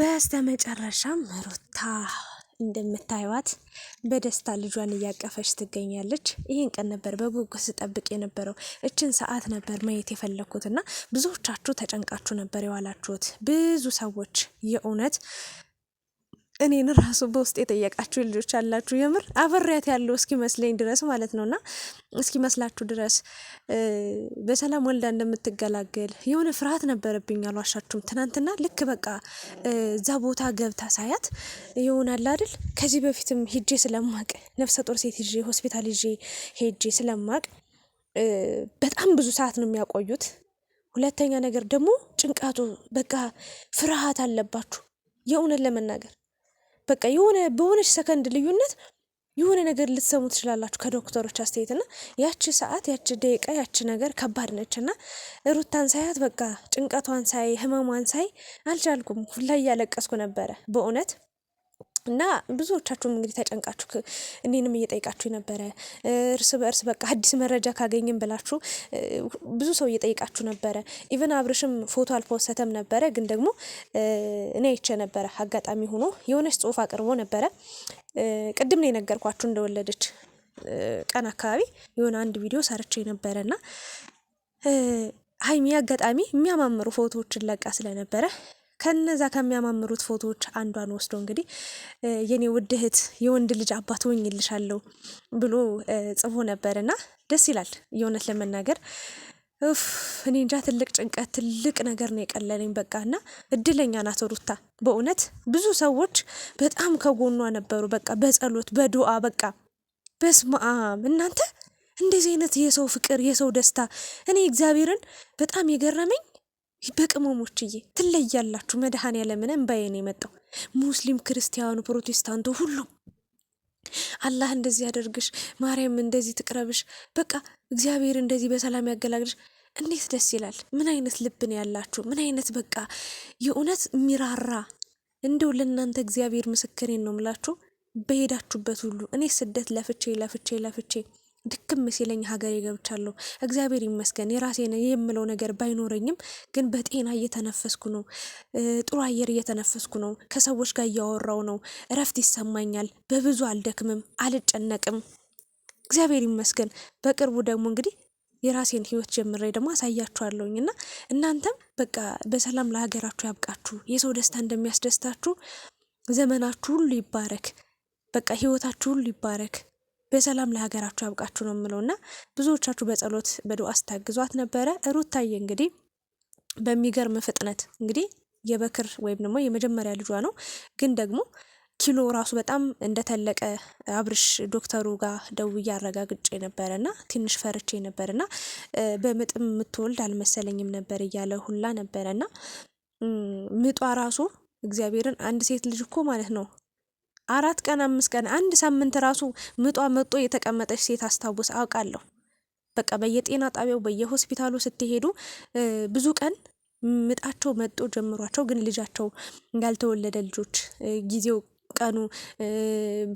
በስተመጨረሻም ሩታ እንደምታዩት በደስታ ልጇን እያቀፈች ትገኛለች። ይህን ቀን ነበር በጉጉት ስጠብቅ የነበረው። እችን ሰዓት ነበር ማየት የፈለግኩትና ብዙዎቻችሁ ተጨንቃችሁ ነበር የዋላችሁት ብዙ ሰዎች የእውነት እኔን ራሱ በውስጥ የጠየቃችሁ ልጆች አላችሁ። የምር አብሬያት ያለው እስኪመስለኝ ድረስ ማለት ነው እስኪ እስኪመስላችሁ ድረስ በሰላም ወልዳ እንደምትገላገል የሆነ ፍርሃት ነበረብኝ፣ አሏሻችሁም ትናንትና ልክ በቃ እዛ ቦታ ገብታ ሳያት አለ አይደል ከዚህ በፊትም ሄጄ ስለማቅ ነፍሰ ጡር ሴት ይዤ ሆስፒታል ይዤ ሄጄ ስለማቅ በጣም ብዙ ሰዓት ነው የሚያቆዩት። ሁለተኛ ነገር ደግሞ ጭንቃቱ በቃ ፍርሃት አለባችሁ የእውነት ለመናገር በቃ የሆነ በሆነች ሰከንድ ልዩነት የሆነ ነገር ልትሰሙ ትችላላችሁ ከዶክተሮች አስተያየት። እና ያቺ ሰዓት ያቺ ደቂቃ ያቺ ነገር ከባድ ነች እና ሩታን ሳያት በቃ ጭንቀቷን ሳይ ህመሟን ሳይ አልቻልኩም፣ ሁላ እያለቀስኩ ነበረ በእውነት እና ብዙዎቻችሁም እንግዲህ ተጨንቃችሁ እኔንም እየጠይቃችሁ ነበረ። እርስ በእርስ በቃ አዲስ መረጃ ካገኝም ብላችሁ ብዙ ሰው እየጠይቃችሁ ነበረ። ኢቨን አብርሽም ፎቶ አልፖሰተም ነበረ፣ ግን ደግሞ እኔ አይቼ ነበረ። አጋጣሚ ሆኖ የሆነች ጽሁፍ አቅርቦ ነበረ። ቅድም ነው የነገርኳችሁ እንደወለደች ቀን አካባቢ የሆነ አንድ ቪዲዮ ሰርቼ ነበረና ሀይሚ አጋጣሚ የሚያማምሩ ፎቶዎችን ለቃ ስለነበረ ከነዛ ከሚያማምሩት ፎቶዎች አንዷን ወስዶ እንግዲህ የኔ ውድ እህት የወንድ ልጅ አባት ሆኜልሻለሁ ብሎ ጽፎ ነበር ደስ ይላል የእውነት ለመናገር ኡፍ እኔ እንጃ ትልቅ ጭንቀት ትልቅ ነገር ነው የቀለለኝ። በቃ እና እድለኛ ናት ሩታ በእውነት ብዙ ሰዎች በጣም ከጎኗ ነበሩ። በቃ በጸሎት በዱአ በቃ በስማም እናንተ እንደዚህ አይነት የሰው ፍቅር የሰው ደስታ እኔ እግዚአብሔርን በጣም የገረመኝ በቅመሞችዬ ትለያላችሁ። መድኃኔዓለምን እምባዬ ነው የመጣው። ሙስሊም፣ ክርስቲያኑ፣ ፕሮቴስታንቱ ሁሉም አላህ እንደዚህ ያደርግሽ፣ ማርያም እንደዚህ ትቅረብሽ፣ በቃ እግዚአብሔር እንደዚህ በሰላም ያገላግልሽ። እንዴት ደስ ይላል! ምን አይነት ልብ ነው ያላችሁ? ምን አይነት በቃ የእውነት ሚራራ እንደው ለእናንተ እግዚአብሔር ምስክሬን ነው ምላችሁ በሄዳችሁበት ሁሉ እኔ ስደት ለፍቼ ለፍቼ ለፍቼ ድክም ሲለኝ ሀገሬ ገብቻለሁ። እግዚአብሔር ይመስገን የራሴ የምለው ነገር ባይኖረኝም ግን በጤና እየተነፈስኩ ነው። ጥሩ አየር እየተነፈስኩ ነው። ከሰዎች ጋር እያወራው ነው። እረፍት ይሰማኛል። በብዙ አልደክምም፣ አልጨነቅም። እግዚአብሔር ይመስገን። በቅርቡ ደግሞ እንግዲህ የራሴን ህይወት ጀምሬ ደግሞ አሳያችኋለሁኝ እና እናንተም በቃ በሰላም ለሀገራችሁ ያብቃችሁ። የሰው ደስታ እንደሚያስደስታችሁ ዘመናችሁ ሁሉ ይባረክ። በቃ ህይወታችሁ ሁሉ ይባረክ። በሰላም ለሀገራችሁ ያብቃችሁ ነው የምለው እና ብዙዎቻችሁ በጸሎት በዱዓ ስታግዟት ነበረ። ሩታዬ እንግዲህ በሚገርም ፍጥነት እንግዲህ የበክር ወይም ደግሞ የመጀመሪያ ልጇ ነው ግን ደግሞ ኪሎ ራሱ በጣም እንደተለቀ አብርሽ ዶክተሩ ጋር ደውዬ አረጋግጬ ነበረ እና ትንሽ ፈርቼ ነበር እና በምጥም የምትወልድ አልመሰለኝም ነበር እያለ ሁላ ነበረ እና ምጧ ራሱ እግዚአብሔርን አንድ ሴት ልጅ እኮ ማለት ነው አራት ቀን አምስት ቀን አንድ ሳምንት ራሱ ምጧ መጦ የተቀመጠች ሴት አስታውስ አውቃለሁ። በቃ በየጤና ጣቢያው በየሆስፒታሉ ስትሄዱ ብዙ ቀን ምጣቸው መጦ ጀምሯቸው ግን ልጃቸው ያልተወለደ ልጆች ጊዜው ቀኑ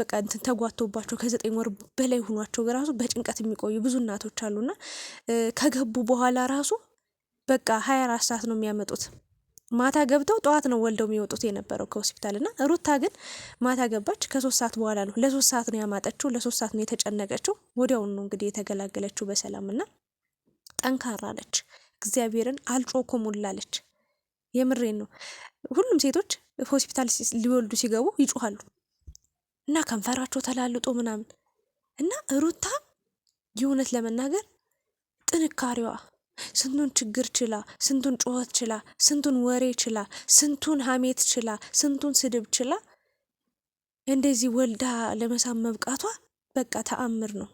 በቃ እንትን ተጓቶባቸው ከዘጠኝ ወር በላይ ሆኗቸው ራሱ በጭንቀት የሚቆዩ ብዙ እናቶች አሉና ከገቡ በኋላ ራሱ በቃ ሀያ አራት ሰዓት ነው የሚያመጡት። ማታ ገብተው ጠዋት ነው ወልደው የሚወጡት የነበረው ከሆስፒታል እና ሩታ ግን ማታ ገባች። ከሶስት ሰዓት በኋላ ነው ለሶስት ሰዓት ነው ያማጠችው፣ ለሶስት ሰዓት ነው የተጨነቀችው። ወዲያውኑ ነው እንግዲህ የተገላገለችው በሰላም እና ጠንካራ አለች። እግዚአብሔርን አልጮኩም ውላለች። የምሬን ነው። ሁሉም ሴቶች ሆስፒታል ሊወልዱ ሲገቡ ይጮሃሉ እና ከንፈራቸው ተላልጦ ምናምን እና ሩታ የእውነት ለመናገር ጥንካሬዋ ስንቱን ችግር ችላ፣ ስንቱን ጩኸት ችላ፣ ስንቱን ወሬ ችላ፣ ስንቱን ሀሜት ችላ፣ ስንቱን ስድብ ችላ፣ እንደዚህ ወልዳ ለመሳም መብቃቷ በቃ ተአምር ነው።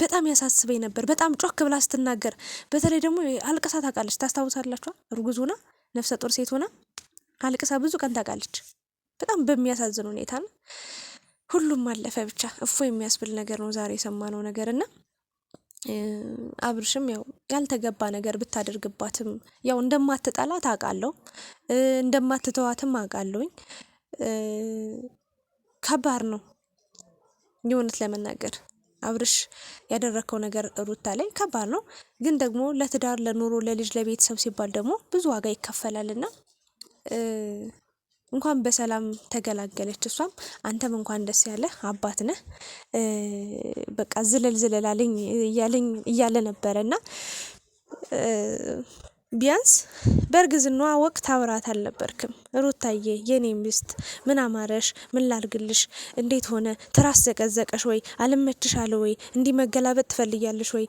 በጣም ያሳስበኝ ነበር። በጣም ጮክ ብላ ስትናገር፣ በተለይ ደግሞ አልቅሳ ታውቃለች። ታስታውሳላችኋ? እርጉዝ ሆና ነፍሰ ጡር ሴት ሆና አልቅሳ ብዙ ቀን ታውቃለች። በጣም በሚያሳዝን ሁኔታ ነው። ሁሉም አለፈ ብቻ እፎ የሚያስብል ነገር ነው ዛሬ የሰማነው ነገር እና አብርሽም ያው ያልተገባ ነገር ብታደርግባትም ያው እንደማትጠላት አውቃለሁ፣ እንደማትተዋትም አውቃለሁኝ። ከባድ ነው የእውነት ለመናገር አብርሽ ያደረከው ነገር ሩታ ላይ ከባድ ነው። ግን ደግሞ ለትዳር፣ ለኑሮ፣ ለልጅ፣ ለቤተሰብ ሲባል ደግሞ ብዙ ዋጋ ይከፈላልና እንኳን በሰላም ተገላገለች እሷም አንተም እንኳን ደስ ያለ አባት ነህ በቃ ዝለል ዝለል አለኝ እያለ ነበረ እና ቢያንስ በእርግዝና ወቅት አውራት አልነበርክም። ሩታዬ የኔ ሚስት ምን አማረሽ? ምን ላርግልሽ? እንዴት ሆነ? ትራስ ዘቀዘቀሽ ወይ? አልመችሽ አለ ወይ? እንዲህ መገላበጥ ትፈልጊያለሽ ወይ?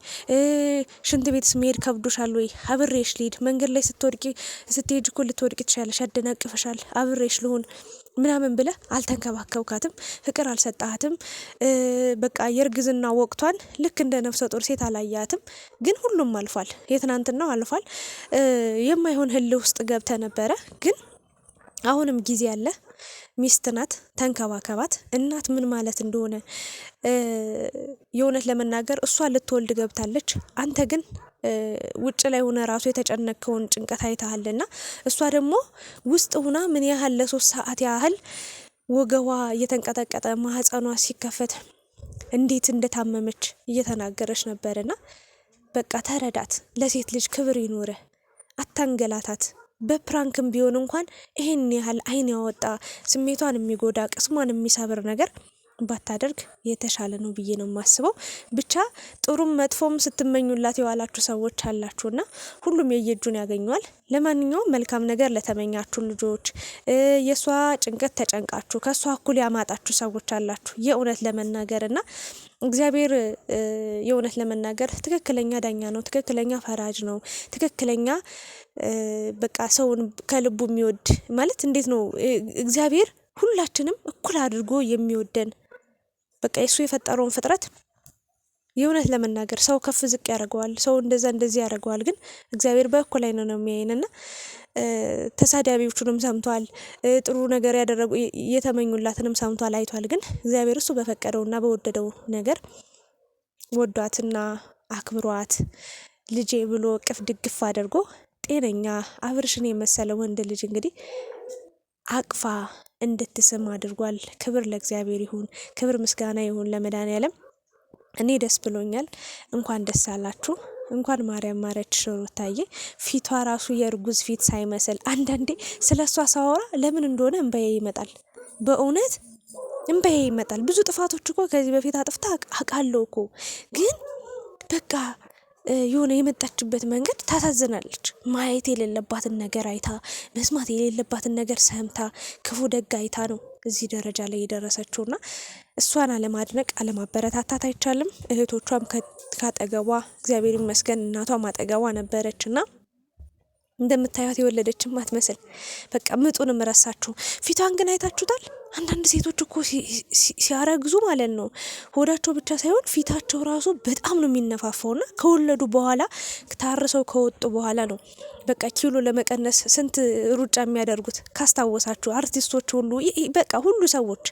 ሽንት ቤትስ መሄድ ከብዶሻል ወይ? አብሬሽ ልሂድ? መንገድ ላይ ስትወድቂ ስትሄጅ እኮ ልትወድቂ ትሻለሽ፣ ያደናቅፈሻል። አብሬሽ ልሁን ምናምን ብለህ አልተንከባከብካትም፣ ፍቅር አልሰጣትም። በቃ የእርግዝና ወቅቷን ልክ እንደ ነፍሰ ጡር ሴት አላያትም። ግን ሁሉም አልፏል። የትናንትናው አልፏል። የማይሆን ህል ውስጥ ገብተ ነበረ ግን አሁንም ጊዜ አለ። ሚስት ናት፣ ተንከባከባት። እናት ምን ማለት እንደሆነ የእውነት ለመናገር እሷ ልትወልድ ገብታለች። አንተ ግን ውጭ ላይ ሆነ ራሱ የተጨነከውን ጭንቀት አይተሃልና እሷ ደግሞ ውስጥ ሁና ምን ያህል ለሶስት ሰዓት ያህል ወገቧ እየተንቀጠቀጠ ማህፀኗ ሲከፈት እንዴት እንደታመመች እየተናገረች ነበርና በቃ ተረዳት። ለሴት ልጅ ክብር ይኖረ አታንገላታት። በፕራንክም ቢሆን እንኳን ይሄን ያህል አይን ያወጣ ስሜቷን የሚጎዳ ቅስሟን የሚሰብር ነገር ባታደርግ የተሻለ ነው ብዬ ነው የማስበው። ብቻ ጥሩም መጥፎም ስትመኙላት የዋላችሁ ሰዎች አላችሁና ሁሉም የየእጁን ያገኘዋል። ለማንኛውም መልካም ነገር ለተመኛችሁ ልጆች፣ የእሷ ጭንቀት ተጨንቃችሁ ከእሷ እኩል ያማጣችሁ ሰዎች አላችሁ የእውነት ለመናገር እና እግዚአብሔር የእውነት ለመናገር ትክክለኛ ዳኛ ነው፣ ትክክለኛ ፈራጅ ነው፣ ትክክለኛ በቃ ሰውን ከልቡ የሚወድ ማለት እንዴት ነው እግዚአብሔር ሁላችንም እኩል አድርጎ የሚወደን በቃ እሱ የፈጠረውን ፍጥረት የእውነት ለመናገር ሰው ከፍ ዝቅ ያደርገዋል፣ ሰው እንደዛ እንደዚህ ያደርገዋል። ግን እግዚአብሔር በእኩል ላይ ነው ነው የሚያይንና ተሳዳቢዎቹንም ሰምቷል፣ ጥሩ ነገር ያደረጉ የተመኙላትንም ሰምቷል፣ አይቷል። ግን እግዚአብሔር እሱ በፈቀደውና በወደደው ነገር ወዷትና አክብሯት ልጄ ብሎ እቅፍ ድግፍ አድርጎ ጤነኛ አብርሽን የመሰለ ወንድ ልጅ እንግዲህ አቅፋ እንድትስም አድርጓል። ክብር ለእግዚአብሔር ይሁን፣ ክብር ምስጋና ይሁን ለመድኃኔዓለም። እኔ ደስ ብሎኛል። እንኳን ደስ አላችሁ። እንኳን ማርያም ሽሮ ሩታዬ። ፊቷ ራሱ የእርጉዝ ፊት ሳይመስል አንዳንዴ ስለ እሷ ሳወራ ለምን እንደሆነ እንባዬ ይመጣል። በእውነት እንበያ ይመጣል። ብዙ ጥፋቶች እኮ ከዚህ በፊት አጥፍታ አውቃለሁ እኮ ግን በቃ የሆነ የመጣችበት መንገድ ታሳዝናለች። ማየት የሌለባትን ነገር አይታ፣ መስማት የሌለባትን ነገር ሰምታ፣ ክፉ ደግ አይታ ነው እዚህ ደረጃ ላይ እና እሷን አለማድነቅ አለማበረታታት አይቻልም። እህቶቿም ካጠገቧ እግዚአብሔር ይመስገን እናቷም አጠገቧ ነበረች እና። እንደምታዩት የወለደችም ማትመስል በቃ ምጡንም ረሳችሁ። ፊቷን ግን አይታችሁታል። አንዳንድ ሴቶች እኮ ሲያረግዙ ማለት ነው ሆዳቸው ብቻ ሳይሆን ፊታቸው ራሱ በጣም ነው የሚነፋፋው። ና ከወለዱ በኋላ ታርሰው ከወጡ በኋላ ነው በቃ ኪሎ ለመቀነስ ስንት ሩጫ የሚያደርጉት ካስታወሳችሁ፣ አርቲስቶች ሁሉ በቃ ሁሉ ሰዎች።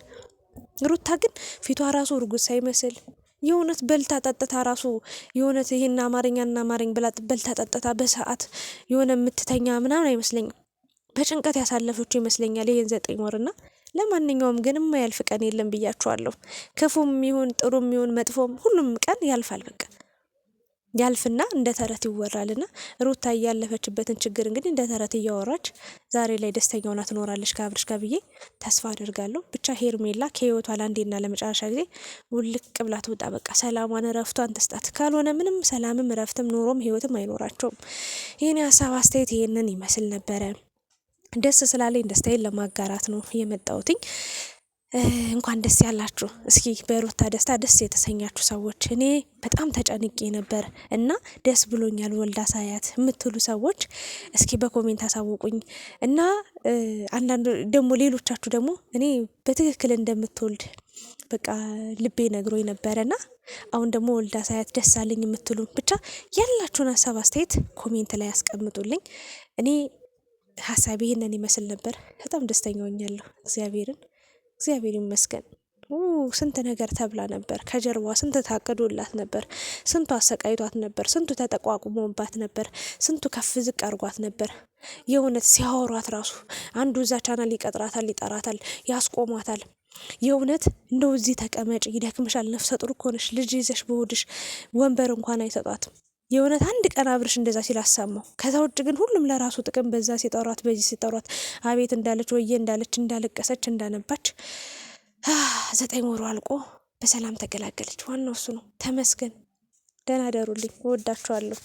ሩታ ግን ፊቷ ራሱ እርጉዝ ሳይመስል የእውነት በልታ ጠጥታ ራሱ የእውነት አማርኛ አማርኛና አማርኝ ብላ በልታ ጠጥታ በሰዓት የሆነ የምትተኛ ምናምን አይመስለኝም። በጭንቀት ያሳለፈችው ይመስለኛል ይህን ዘጠኝ ወርና። ለማንኛውም ግን የማያልፍ ቀን የለም ብያችኋለሁ። ክፉም ይሁን ጥሩም ይሁን መጥፎም ሁሉም ቀን ያልፋል በቃ ያልፍና እንደ ተረት ይወራልና ሩታ እያለፈችበትን ችግር እንግዲህ እንደ ተረት እያወራች ዛሬ ላይ ደስተኛ ሆና ትኖራለች ከአብርሽ ጋር ብዬ ተስፋ አድርጋለሁ። ብቻ ሄርሜላ ከህይወቷ ለአንዴና ለመጨረሻ ጊዜ ውልቅ ቅብላ ትውጣ። በቃ ሰላሟን እረፍቷን ትስጣት። ካልሆነ ምንም ሰላምም እረፍትም ኑሮም ህይወትም አይኖራቸውም። ይህን ሀሳብ አስተያየት ይህንን ይመስል ነበረ። ደስ ስላለኝ ደስታዬን ለማጋራት ነው የመጣሁትኝ። እንኳን ደስ ያላችሁ። እስኪ በሩታ ደስታ ደስ የተሰኛችሁ ሰዎች እኔ በጣም ተጨንቄ ነበር እና ደስ ብሎኛል ወልዳ ሳያት የምትሉ ሰዎች እስኪ በኮሜንት አሳውቁኝ እና አንዳንድ ደግሞ ሌሎቻችሁ ደግሞ እኔ በትክክል እንደምትወልድ በቃ ልቤ ነግሮ ነበረና አሁን ደግሞ ወልዳ ሳያት ደስ አለኝ የምትሉ ብቻ ያላችሁን ሀሳብ አስተያየት ኮሜንት ላይ ያስቀምጡልኝ። እኔ ሀሳብ ይህንን ይመስል ነበር። በጣም ደስተኛ ሆኛለሁ እግዚአብሔርን እግዚአብሔር ይመስገን። ስንት ነገር ተብላ ነበር። ከጀርባ ስንት ታቅዶላት ነበር። ስንቱ አሰቃይቷት ነበር። ስንቱ ተጠቋቁሞባት ነበር። ስንቱ ከፍ ዝቅ አርጓት ነበር። የእውነት ሲያወሯት ራሱ አንዱ እዛ ቻናል ይቀጥራታል፣ ይጠራታል፣ ያስቆማታል። የእውነት እንደው እዚህ ተቀመጭ፣ ይደክምሻል፣ ነፍሰ ጡር እኮ ነሽ፣ ልጅ ይዘሽ በሆድሽ ወንበር እንኳን አይሰጧትም። የእውነት አንድ ቀን አብርሽ እንደዛ ሲል አሰማው። ከዛ ውጭ ግን ሁሉም ለራሱ ጥቅም በዛ ሲጠሯት፣ በዚህ ሲጠሯት፣ አቤት እንዳለች ወየ እንዳለች እንዳለቀሰች እንዳነባች ዘጠኝ ወሩ አልቆ በሰላም ተገላገለች። ዋናው እሱ ነው። ተመስገን። ደህና ደሩልኝ። እወዳችኋለሁ።